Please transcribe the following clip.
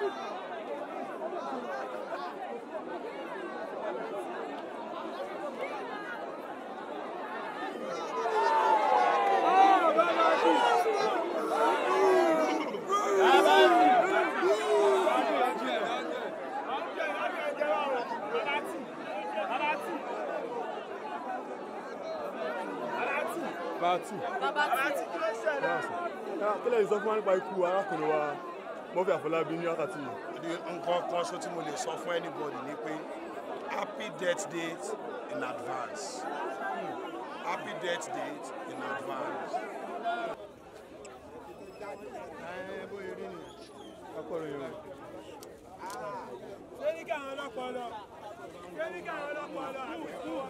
Bàbá tí. Bàbá tí. Kí ló ń sọ fún wa nípa ikú arákùnrin wa? Murphy Afọlábí ní wákàtí yìí. nǹkan kan ṣo tí mo lè sọ fún anybody ni pé happy death date in advance hmm. happy death date in advance. ẹ bóyá rí ni ọkọ rẹ rẹ. ṣé ní káwọn lọ ṣé ní káwọn lọ àbẹ̀kú ọ.